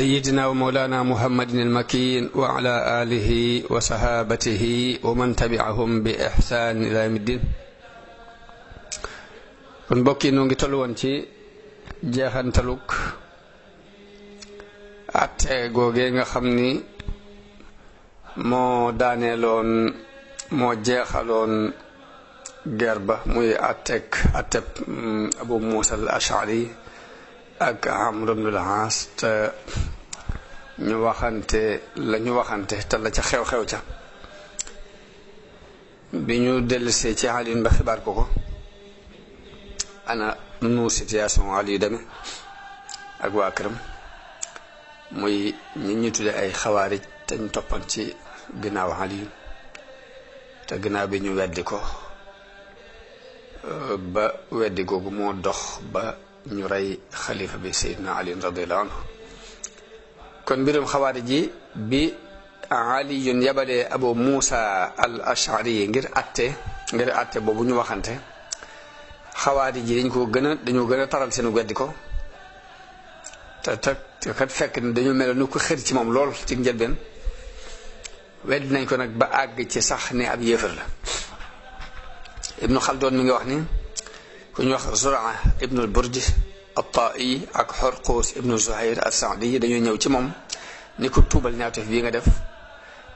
سيدنا ومولانا محمد المكين وعلى آله وصحابته ومن تبعهم بإحسان إلى يوم الدين kon mbokk yi noo ngi tollu woon ci jeexantaluk atte googee nga xam ni moo daaneeloon moo jeexaloon guerre ba muy attek atteb mm, Abu Muusa al Ashari ak Amr ibn al-As te ñu waxante la ñu waxante te la ca xew-xew ca bi ñu dellusee ci Alioune ba xibaar ko ko ana nu situation ali deme ak waa këram muy ñi ñu tudde ay xawaarij te ñu toppan ci ginaaw Aliou te ginaaw bi ñu weddi ko ba weddi googu moo dox ba ñu rey xalifa bi Seydina Ali radiyallahu anhu kon mbirum xawaari ji bi aliyun yabalee abu muusa al ashari ngir atte ngir atte boobu ñu waxante xawaari ji dañ ko gën a dañoo gën a taral seenu weddi ko te te kat fekk ne dañu mel nu ko xër ci moom lool ci njëlbeen wedd nañ ko nag ba àgg ci sax ni ab yéefar la ibnu xaldoon mi ngi wax ni ku ñu wax zuraa ibnul burdi at-taa'i ak xorquus ibnu zuhayr as-saadi dañoo ñëw ci moom ni ko tuubal ñaawteef bii nga def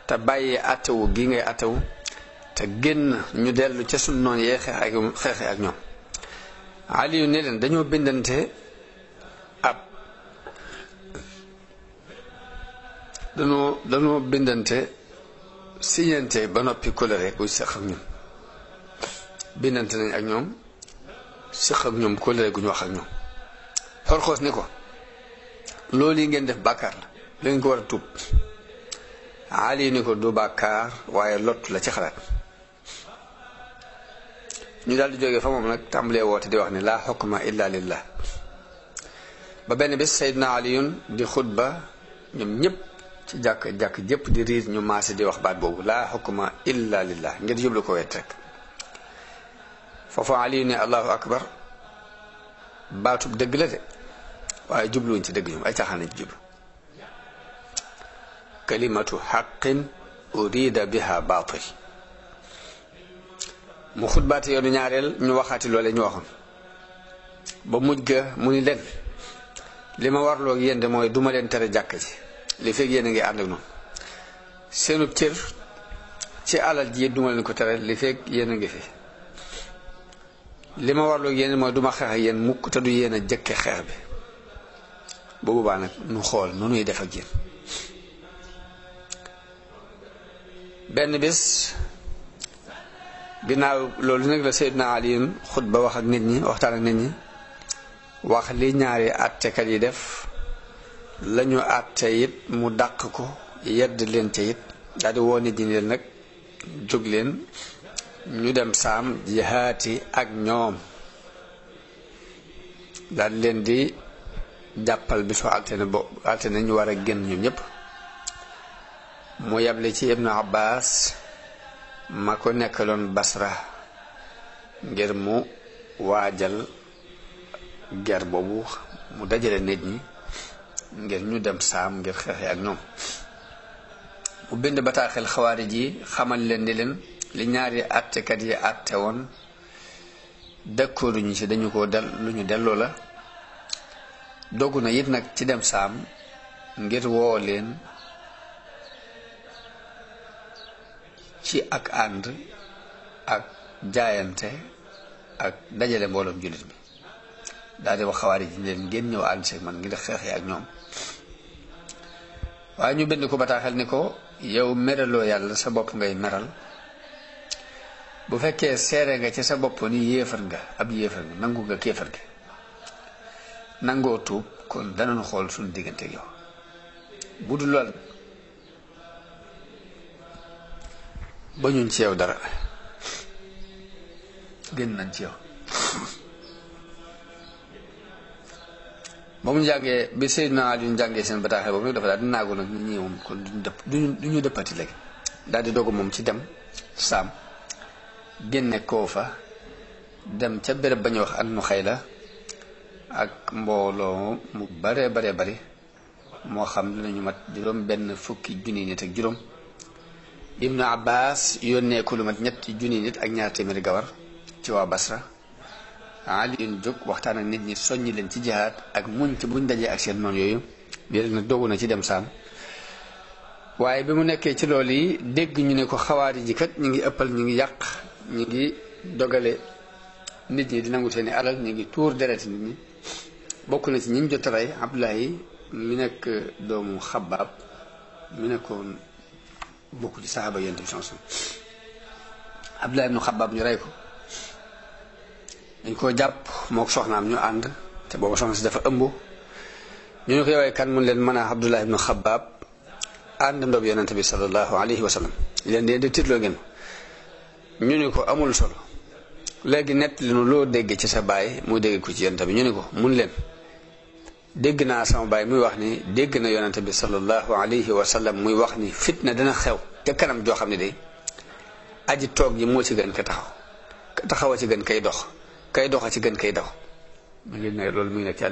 te bàyyi àttewu gii ngay àttewu te génn ñu dellu ca suñ noonu yee xeex ak xeexe ak ñoom aliyu ne leen dañoo bindante ab dañoo dañoo bindante siñante ba noppi coloré kuy seq ak ñun bindante nañ ak ñoom séq ak ñoom kóllëre gu ñu wax ak ñoom xorxoos ni ko loolu yi ngeen def bàkkaar la da ko war a tuub Ali ni ko du bàkkaar waaye lott la ci xalaat ñu daal di jógee fa moom nag tàmbalee woote di wax ni laa xukma illa lillah ba benn bés Seydina Aliyun di xutba ñoom ñëpp ci jàkk jàkk jëpp di riir ñu maase di wax baat boobu laa xukma illa lillah ngir jublu ko wet rek foofa Ali ne allahu akbar baatub dëgg la de waaye jubluwuñ ci dëgg ñoom ay caaxaan lañ ci jublu kalimatu xaqin urida biha baatil mu xutbaate yoonu ñaareel ñu waxaati loole ñu waxoon ba mujj ga mu ni leen li ma warloo ak de mooy duma leen tere jàkk ci li fekk yéen a ngi ànd ak noonu seenub cër ci alal ji duma leen ko tere li fekk yéen a ngi fi li ma warlu yéen mooy du xeex ak yéen mukk te du yéen a jëkke xeex bi bu boobaa nag nu xool nu nuy def ak yéen benn bis ginnaaw loolu nag la Seydina Aliyun xutba wax ak nit ñi waxtaan ak nit ñi wax li ñaari àttekat yi def lañu àtte it mu dàq ko yedd leen ca it daldi nit ñi leen nag jóg leen ñu dem saam jihaati ak ñoom daal leen di jàppal bisu altine bo altine ñu war a génn ñu ñépp mu yable ci ibnu abbas ma ko nekkaloon basra ngir mu waajal ger boobu mu dajale nit ñi ngir ñu dem saam ngir xeexee ak ñoom mu bind bataaxel xawaarij yi xamal leen di leen li ñaari àttekat yi àtte woon dëkkooruñu ci dañu ko del lu ñu delloo la dogu na it nag ci dem saam ngir woo leen ci ak ànd ak jaayante ak dajale mbooloom jullit bi daal di wax xawaari ji leen ngeen ñëw ànd seeg man ngir xeexee ak ñoom waaye ñu bind ko bataaxal ni ko yow meraloo yàlla sa bopp ngay meral bu fekkee seere nga ci sa bopp ni yéefat nga ab yéefar nga nangu nga kéefar gi nangoo tuub kon danañ xool suñu diggante yow bu dul lool ba ñun ci dara génn nañ ci yow ba mu jàngee bi Seydina Ali ñu jàngee seen bataaxee boobu nag dafa daal di naagu nag nit ñi moom kon duñu dëpp duñu duñu dëppati léegi daal di dogu moom ci dem saam génne fa dem ca béréb ba ñuy wax ak nu xëy la ak mbooloo mu bare bare bari moo xam dinañu mat juróom benn fukki junni nit ak juróom ibnu abbas yónnee ku lu mat ñetti junni nit ak ñaar téeméeri gawar ci waa basra ali un jóg waxtaan ak nit ñi soññ leen ci jihaad ak muñ ci buñ dajee ak seen noonu yooyu yéen nag dogu na ci dem saam waaye bi mu nekkee ci loolu yi dégg ñu ne ko xawaari ji kat ñu ngi ëppal ñu ngi yàq ñu ngi dogale nit ñi di nangu seeni alal ñu ngi tuur deret nit ñi bokk na ci ñi ñu jot a rey Abdullahi mi nekk doomu xabaab mu nekkoon bokk ci saxaaba yonent bi chanson Abdullahi ibnu xabaab ñu rey ko dañ koo jàpp moo ko soxnaam ñu ànd te booba soxna si dafa ëmb ñu ñu ko yowee kan mun leen mën a Abdullahi ibnu xabaab ànd ndob yonent bi sallallahu alayhi wa sallam leen dee de tiitloo ngeen ñu ni ko amul solo léegi nettali nu loo dégg ci sa baay mu dégg ko ci yonent bi ñu ni ko mun leen dégg naa sama baay muy wax ni dégg na yonent bi sallallahu alayhi wa sallam muy wax ni fitna dana xew te kanam joo xam ne day aji toog ji moo ci gën taxaw taxaw ci gën kay dox kay dox ci gën kay daw mu ngi ne loolu mu ngi nekk ci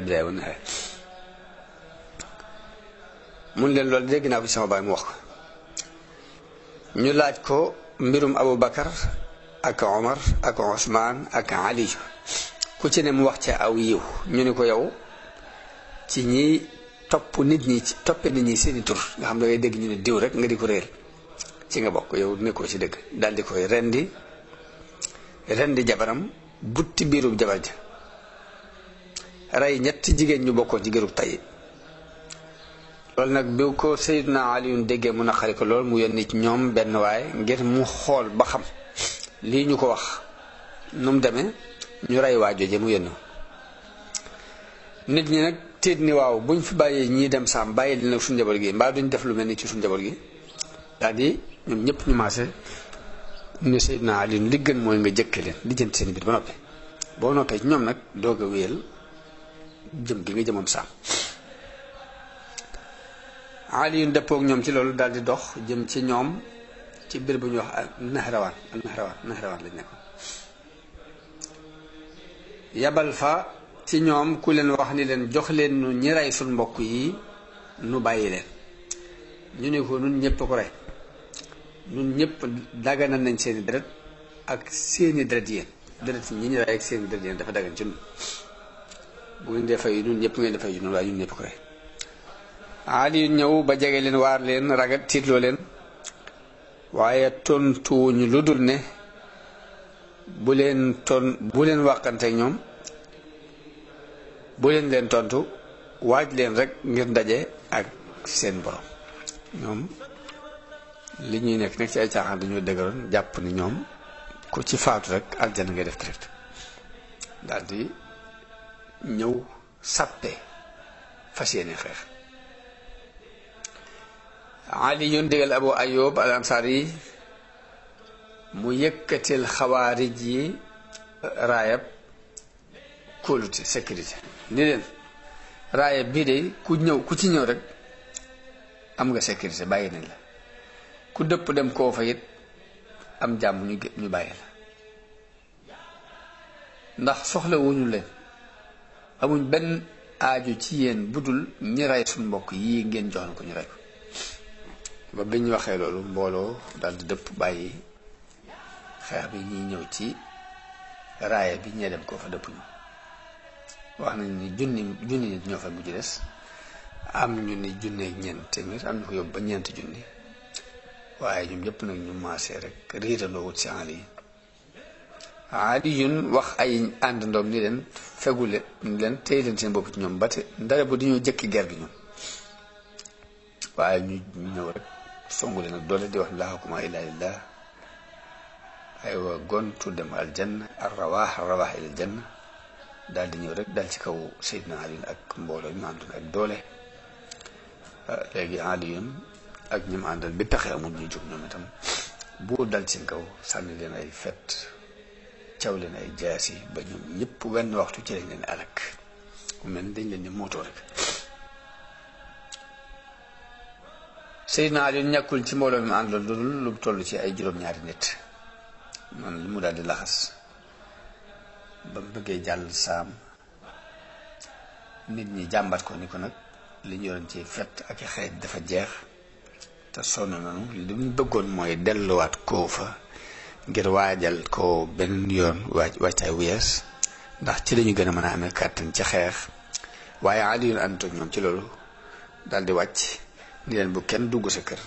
leen loolu dégg naa ko ci sama baay mu wax ko ñu laaj ko mbirum Abu Bakar ak Omar ak Ousmaan ak Ali ku ci ne mu wax ca aw yiw ñu ni ko yow ci ñi topp nit ñi ci toppe nit ñi seeni tur nga xam ne ngay dégg ñu ne diw rek nga di ko réer ci nga bokk yow nekkoo ci dëgg daal di koy rendi rendi jabaram butti biiru jabar ja rey ñetti jigéen ñu bokkoon ci gërub tay loolu nag bi ko Seydina Aliyun déggee mu naqari ko lool mu yónni ci ñoom benn waay ngir mu xool ba xam lii ñu ko wax nu mu demee ñu rey waa jooje mu yónni nit ñi nag tiit ni waaw buñ fi bàyyee ñii dem saam bàyyi li nag suñ njaboot gi mbaa duñ def lu mel ni ci suñ njaboot gi daal di ñoom ñëpp ñu maase ñu Seydina Aliyun li gën mooy nga jëkke leen di jënd seen biir ba noppi boo noppee ci ñoom nag doog a wéyal jëm gi nga jëmoon saam Aliyun dëppook ñoom ci loolu daal di dox jëm ci ñoom ci biir bu ñuy wax ak Nahrawaan Nahrawaan lañ nekkoon yabal fa ci ñoom ku leen wax ni leen jox leen nu ñi suñ mbokk yi nu bàyyi leen ñu ne ko nu ñëpp ko rey nun ñëpp daganal nañ seeni deret ak seeni deret yéen deret ñi ñu rey ak seeni deret yéen dafa dagan ci nun bu ngeen defay nun ñëpp ngeen yu ñun waaye ñun ñëpp ko rey ali ñëw ba jege leen waar leen ragal tiitloo leen waaye tontuwuñu lu dul ne bu leen ton bu leen wàqante ñoom bu leen leen tontu waaj leen rekk ngir daje ak seen borom ñoom li ñuy nekk nekk ci ay caaxaan dañoo dëgëroon jàpp ni ñoom ku ci faatu rek aljana ngay def direct daal di ñëw sàppe fas yéene xeex aliyun digal abu ayub al ansaar yi mu yëkkatil xawaarij yi raayab kóolute sécurité ni leen raayab bii de ku ñëw ku ci ñëw rek am nga sécurité bàyyi nañ la ku dëpp dem koo fa it am jàmm ñu ñu bàyyi la ndax soxla wuñu leen amuñ benn aaju ci yéen budul ñi rey suñ mbokk yi ngeen joxoon ko ñu rey ko ba biñ waxee loolu mbooloo daal di dëpp bàyyi xeex bi ñuy ñëw ci raaya bi ñee dem koo fa dëpp ñu wax nañ ni junni junni nit ñoo fa am ñu ni junneeg ñeent téeméer am ko yóbbu ba ñeent junni waaye ñoom ñëpp nag ñu maasee rek riitandoo wut si àll yi Ali yun wax ay àndandoom ni leen fegu leen leen téy leen seen bopp ci ñoom ba te ndare bu di ñu jëkki ger bi ñoom waaye ñu ñëw rek songu leen ak doole di wax laa ko hukma ay lillaah aywa gontu dem aljanna ar rawaax ar rawaax ilal janna daal di ñëw rek daal ci kaw Seydina Aliyun ak mbooloo ñu ak doole ah, léegi Aliyun ak ñi àndal bi taxe amul ñu jóg ñoom itam buur dal kaw sànni leen ay fet caw leen ay jaas yi ba ñoom ñëpp wenn waxtu ci lañ leen alak ku mel dañ leen di rek Seydina Ali ñàkkul ci mbooloo mi ànd la lu tollu ci ay juróom-ñaari nit man li mu daal di laxas ba mu bëggee jàll saam nit ñi jàmbat ko ni ko nag li ñu yoroon ci fet ak xeet dafa jeex te sonn nañu li mu bëggoon mooy delluwaat koo fa ngir waajal ko benn yoon waaj waajtaay wu yees ndax ci lañu gën a mën a amee kàttan ci xeex waaye Ali yu ànd ak ñoom ci loolu daal di wàcc ni leen bu kenn dugg sa kër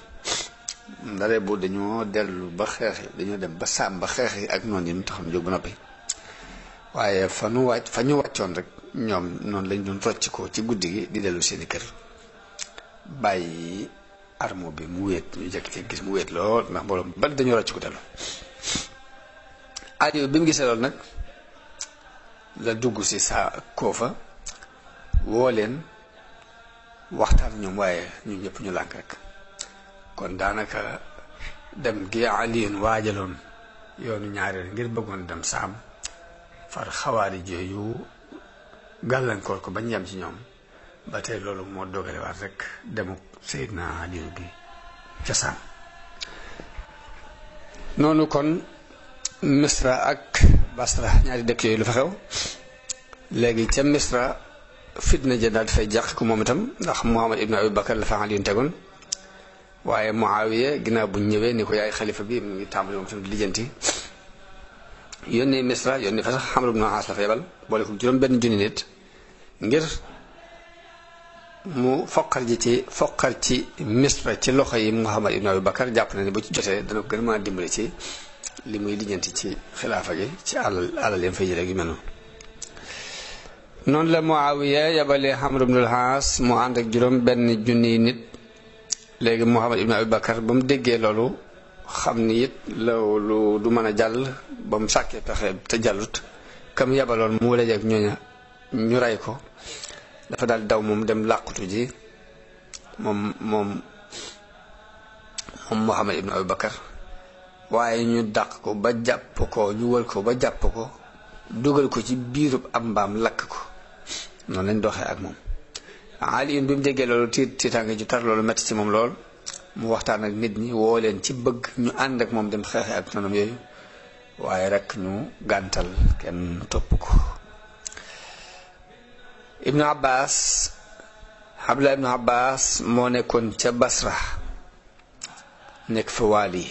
ndare bu dañoo dellu ba xeex dañoo dem ba sàmm ba xeex yi ak noonu yi mu taxam jóg ba noppi waaye fa nu wàcc fa ñu wàccoon rek ñoom noonu lañ doon rocc ko ci guddi gi di dellu seeni kër bàyyi armo bi mu wéet ñu jekk ci gis mu wéet lool ndax mbooloo bari dañoo rocc ko dellu aajo bi mu gisee lool nag la dugg si saa koo fa woo leen waxtaan ñoom waaye ñun ñëpp ñu lànk rek kon daanaka dem gi aliin waajaloon yoonu ñaareel ngir bëggoon dem saam far xawaari jooyu gàllankoor ko bañ yam ci ñoom ba tey loolu moo dogalewaat rek demu Seydina Aliyu gi ca saam noonu kon Misra ak Basra ñaari dëkk yooyu lu fa xew léegi ca Misra fitna ja daal dafay jàq ko moom itam ndax Muhammad ibn Abi Bakar la fa Aliyu tegoon waaye Muawiya ginnaaw bu ñëwee ni ko yaay xalifa bi mu ngi tàmbali moom itam di lijjanti yónnee Misra yónnee fa sax Amru ibn Aas la fa yebal boole ko juróom benn junni nit ngir mu foqar ji ci foqar ci Misra ci loxo yi Muhammad ibn Abi Bakar jàpp na ne bu ci jotee dana ko gën a mën a dimbali ci li muy lijjanti ci xilaafa gi ci alal alal yam fay jëlee yu mel noonu نون لا معاويه يبالي حمر بن الحاس مو عندك جروم بن جوني نيت لغي محمد ابن ابي بكر بام ديغي لولو خامني يت لولو دو مانا جال بام شاكي تخيب تا جالوت كم يبالون مولاي اك نيونيا ني راي كو دا فا دال داو موم ديم لاقوتو جي موم موم موم محمد ابن ابي بكر waye ñu dakk ko ba japp ko ñu wël ko ba japp ko dugal ko ci biirub ambaam lakk ko noonu lañ doxee ak moom Ali bi mu déggee loolu tiit tiitaange ju tar loolu métti ci moom lool mu waxtaan ak nit ñi woo leen ci bëgg ñu ànd ak moom dem xeexee ak noonam yooyu waaye rek ñu gàntal kenn topp ko Ibnu Abbas Abdullah Ibnu Abbas moo nekkoon ca Basra nekk fa waali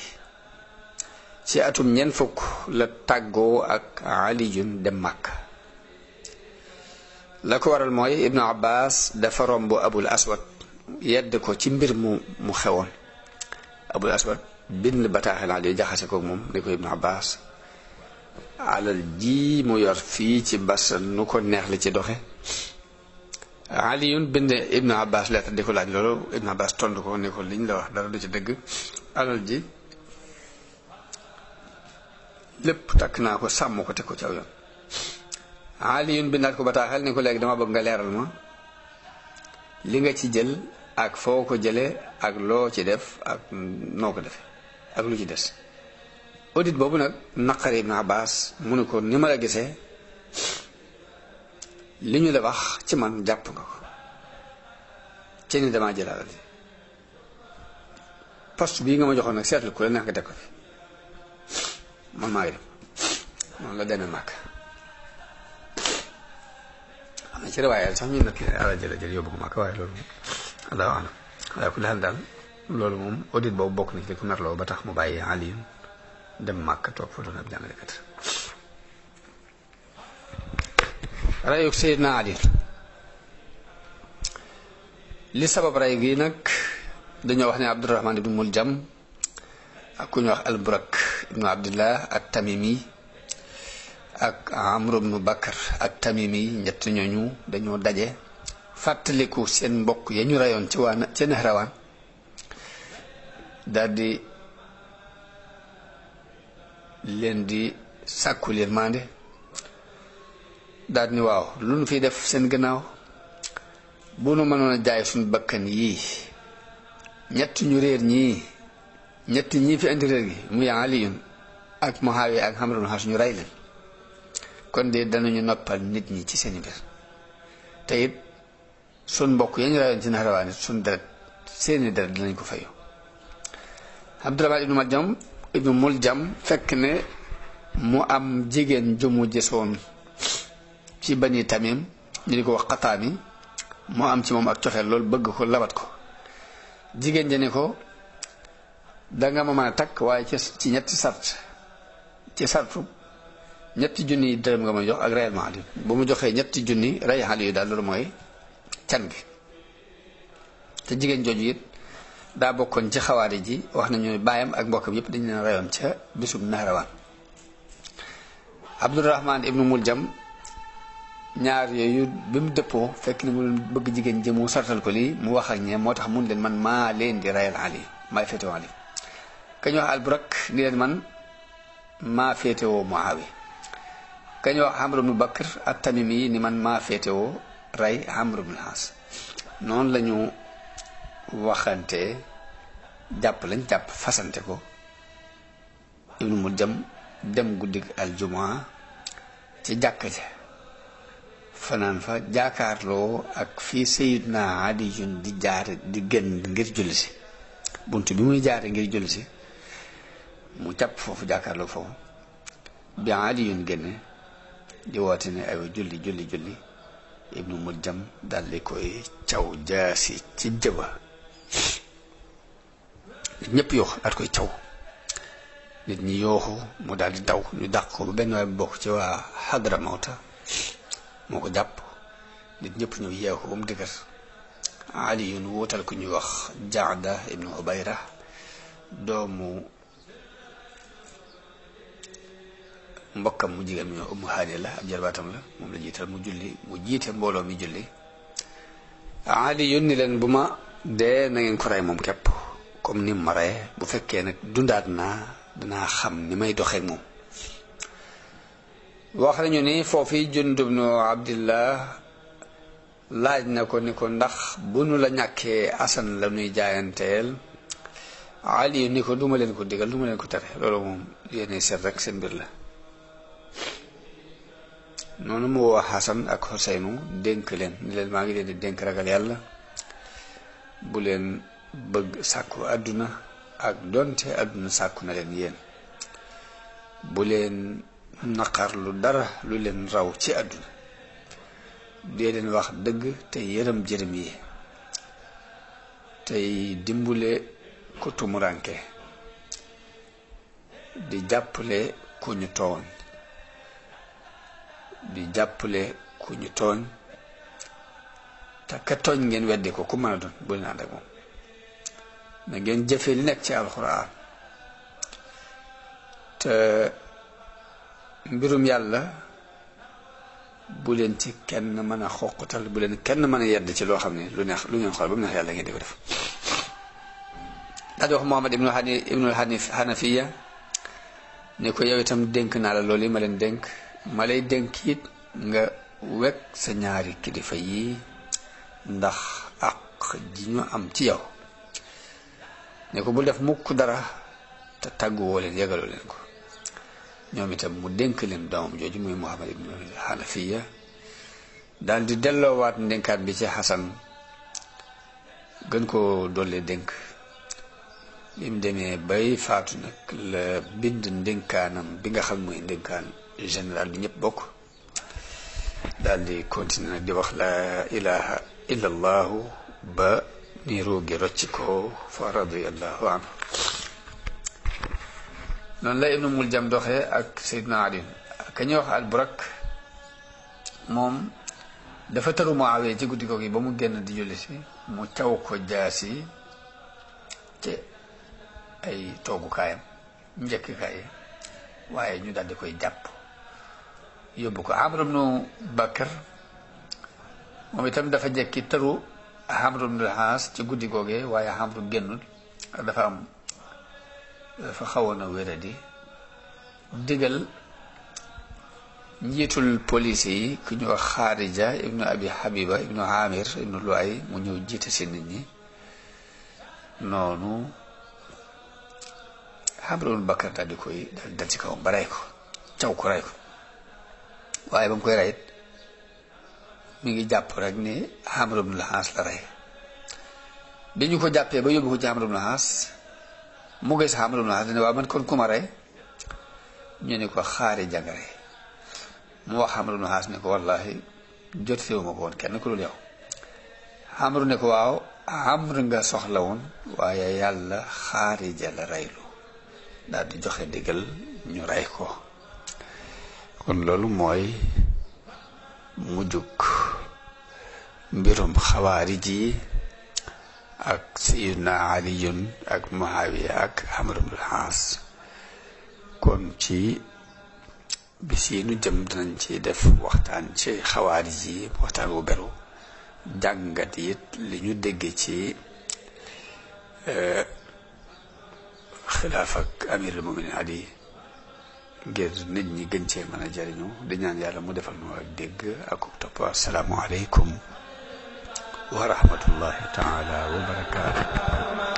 ci atum ñeent fukk la tàggoo ak aliyun dem màkk la ko waral mooy ibnu abbas dafa romb abul aswad yedd ko ci mbir mu mu xewoon abul aswad bind bataaxel ali jaxase ko moom ni ko ibnu abbas alal ji mu yor fii ci basa nu ko neex li ci doxe aliyun bind ibnu abbas lettre di ko laaj loolu ibnu abbas tontu ko ni ko liñ la wax dara du ci dëgg alal ji lépp takk naa ko sàmm ko te ko ci aw bi bindaat ko bataaxal ni ko léegi dama bëgg nga leeral ma li nga ci jël ak foo ko jële ak loo ci def ak noo ko defe ak lu ci des audit boobu nag naqari Ibn baas mu ne ko ni ma la gisee li ñu la wax ci man jàpp nga ko ci ni damaa jël alal poste bii nga ma joxoon nag seetlu ku la neex nga def ko fi man maa ngi dem moom la demee màkk ci riwaaya sax ñu nett ala jëla jël yóbbu ko Makka waaye loolu allahu alam waaye ku daal daal loolu moom audit boobu bokk na ci li ko merloo ba tax mu bàyyi Ali dem Makka toog fa doon ab jàngalekat rayuk Seydina Ali li sabab ray gi nag dañoo wax ne Abdurahman ibnu Muljam ak ku ñu wax Alburak ibnu Abdillah at Tamimi ak Amr ibn Bakr ak Tamimi ñett ñooñu dañoo daje fàttaliku seen mbokk ya ñu reyoon ci waa ca Nahrawaan daldi leen di sàkku yërmande daal ni waaw lu nu fiy def seen gannaaw bu nu mënoon a jaay suñu bakkan yii ñett ñu réer ñii ñett ñii fi indi réer gi muy Aliyun ak Muawiya ak Amr ibn Hasan ñu rey leen kon dana ñu noppal nit ñi ci seen mbir te sun mbokk yañu raayoon ci naxarawaani sun deret seeni deret dinañ ko fayu Abdurahmaan ibnu Muljam ibnu Muljam fekk ne mu am jigéen ju mu jësoon ci bani tamim ñu di ko wax xataami mu am ci moom ak coxeel lool bëgg ko labat ko jigéen ja ne ko danga ma mën a takk waaye ci ñetti sart ci sartu ñetti junni dërëm nga ma jox ak réellement Aliou bu mu joxee ñetti junni rey Aliou daal loolu mooy can gi te jigéen jooju it daa bokkoon ci xawaari ji wax nañu baayam ak mbokkam yépp dañu leen reyoon ca bisub naarawaan Abdourahman ibnu Muljam ñaar yooyu bi mu dëppoo fekk na mu doon bëgg jigéen ji mu sartal ko lii mu wax ak ñe moo tax mun leen man maa leen di reyal Ali maay féetewoo Ali kañ wax Alburak ni leen man maa féetewoo Muawiya kañ wax Amr ibnu Bakr at-Tamimi yi ni man maa féetewoo rey Amr ibnu Xaas noonu la ñu waxante jàpp lañ jàpp fasante ko ibnu mu jëm dem guddig aljumaa ci jàkka ja fanaan fa jaakaarloo ak fii Sayyidna Ali jun di jaar di génn ngir julli si bunt bi muy jaare ngir julli si mu jàpp foofu jàkkaarloo foofu bi Ali yun génne di woote ne ay julli julli julli ibnu muljam daldi koy caw jaasi ci jëba nit ñëpp yooxu daat koy caw nit ñi yooxu mu daal di daw ñu dàq ko ba benn waay bu bokk ci waa xadra mawta moo ko jàpp nit ñëpp ñu yeew ko ba mu dëgër ali yun wóotal ñuy wax jaada ibnu ubayra doomu mbokkam mu jigéen mu ummu haani la ab jarbaatam la moom la jiital mu julli mu jiite mbooloo mi julli aadi yónni leen bu ma dee na ko rey moom képp comme ni ma rey bu fekkee nag dundaat naa danaa xam ni may doxee moom wax nañu ni foofu Jundub nu Abdillah laaj na ko ni ko ndax bu nu la ñàkkee asan la nuy jaayanteel Ali ni ko duma leen ko digal duma leen ko tere loolu moom yéenay seet rek seen mbir la noonu moo woo ak Xuseynu dénk leen ni leen maa ngi leen di dénk ragal yàlla bu leen bëgg sàkku àdduna ak donte àdduna sàkku na leen yeen bu leen naqar lu dara lu leen raw ci àdduna dee leen wax dëgg te yërëm jërëm yi tey dimbule ku tumuranke di jàppale ku ñu tooñ di jàppale ku ñu tooñ te ka tooñ ngeen weddi ko ku mën a doon bu leen ànd moom na ngeen jëfe li nekk ci alxuraan te mbirum yàlla bu leen ci kenn mën a xoqutal bu leen kenn mën a yedd ci loo xam ne lu neex lu ngeen xool ba mu neex yàlla ngeen di ko def daal di Muhammad ibnu Hanif ibnu Hanif Hanafiya ni ko yow itam dénk naa la loolu yi ma leen dénk malay lay dénk it nga wekk sa ñaari kilifa yi ndax àq ji ñu am ci yow ne ko bul def mukk dara te tàggu woo leen yëgaloo leen ko ñoom itam mu dénk leen doomam jooju muy Muhammad ibnu Hanafiya daal di delloowaat ndénkaat bi ci Xasan gën ko dolli dénk bi demee bay faatu nag la bind ndénkaanam bi nga xam muy ndénkaan جن دال نيب بوك دال لي كنت ندي واخ لا اله الا الله ب نيروغي رتشكو فرضي الله عنه نون لا ابن ملجم دوخي اك سيدنا علي كني واخ البرك موم da fa tëru muawiya ci guddi gi ba mu génn di julli si mu caw ko jaasi ci ay toggukaayam njëkkikaay waaye ñu yóbbu ko amr ibnu bakr moom itam dafa jekki tëru amr ibnul aas ci guddi googee waaye amru génnul dafa am dafa xawoon a wéradi digal njiitul police yi ku ñu wax xaarija ibnu abi habiba ibnu amir ibnu luay mu nit ñi noonu amr ibnu bakr di koy daal dal ci kaw ba rey ko caw ko rey ko waaye ba mu koy reyit mi ngi jàpp rek ni Amru bu al-Aas la rey bi ñu ko jàppee ba yóbbu ko ci Amru ibn al-Aas mu gis Amru ibn al-Aas ne waaw man kon ku rey ñu ne ko xaari jàngare mu wax Amru ibn al-Aas ne ko wallahi jot feewuma ko woon kenn ku dul yow Amru ne ko waaw Amru nga soxla woon waaye yàlla xaari ja la reylu daal di joxe ndigal ñu rey ko kon loolu mooy mujjug mbirum xawaarij yi ak sayidna aliyun ak muawiya ak amr ibn al kon ci bis yi nu jëm dinañ ci def waxtaan ci xawaarij yi waxtaan wu beru jàngat yit li ñu déggee ci eh, xilaaf ak amirul ali ngir nit ñi gën cee mën a jariñu di ñaan yàlla mu defal nu ak dégg ak topp asalaamu aleykum wa taala wa